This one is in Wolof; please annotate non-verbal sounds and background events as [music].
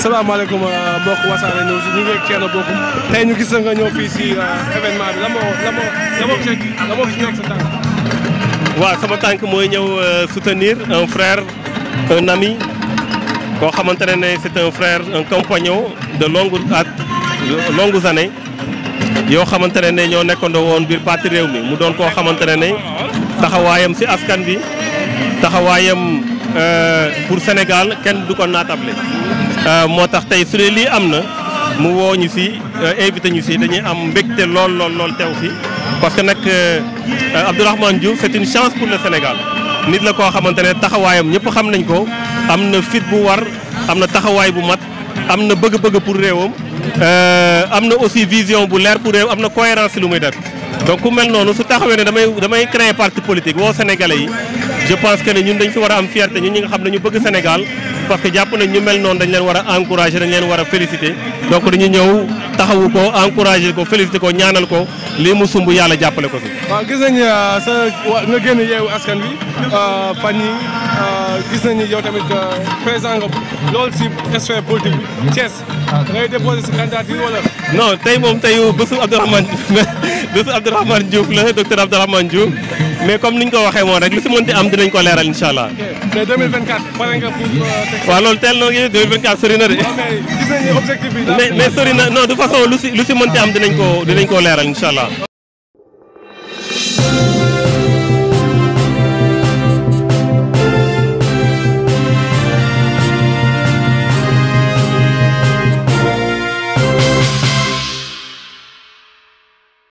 salaamaaleykum euh, mbokk wasaare ñëw si ñu ngi ak Thierno tey ñu gis nga ñëw fii si euh, événement bi la moo la moo la moo sama tànk mooy ñëw euh, soutenir un frère un ami koo xamante ne c'est un frère un compagnon de longue at longues années yoo xamante ne ñoo nekkandoo woon biir parti réew mi mu doon koo xamante ne taxawaayam si askan bi taxawaayam. Euh, pour Sénégal kenn du ko naatable euh, moo tax tey su dee lii am na mu wooñu ñu si euh, invité ñu si dañuy am mbégte lool lool lool teew fi parce que nag Abdourahmane Diouf c'est une chance pour le Sénégal nit la ko xamante ne taxawaayam ñëpp xam nañ ko am na fit bu war am na taxawaay bu mat am na bëgg-bëgg pour réewam am na aussi vision bu leer pour réew am na cohérence lu muy def donc ku mel noonu su taxawee ne damay damay créer parti politique woo Sénégalais yi je pense que ne ñun dañ ci war am fierté ñun ñi nga xam ne ñu bëgg Sénégal parce que jàpp nañ ñu mel noonu dañ leen war a encouragé dañ leen war a félicité donc dañu ñëw taxawu ko encouragé ko félicité ko ñaanal ko li mu sumb yàlla jàppale ko si. waaw gis nañ euh, sa nga génn yeewu askan wi euh, fan yi euh, gis nañu yow tamit président nga loolu si sphère politique bi Thiès ngay déposé si candidature wala. non tey moom tey bésu Abdourahmane [laughs] bésu la docteur Abdourahmane Diouf. mais comme ni ñu ko waxee moom rek lu si mënti am dinañ ko leeral incha allah. mais 2024 pare nga pour. Euh, waaw loolu teel na 2024 sori na de. mais sori na non de façon lu si lu si mënti am dinañ ko dinañ ko leeral incha allah.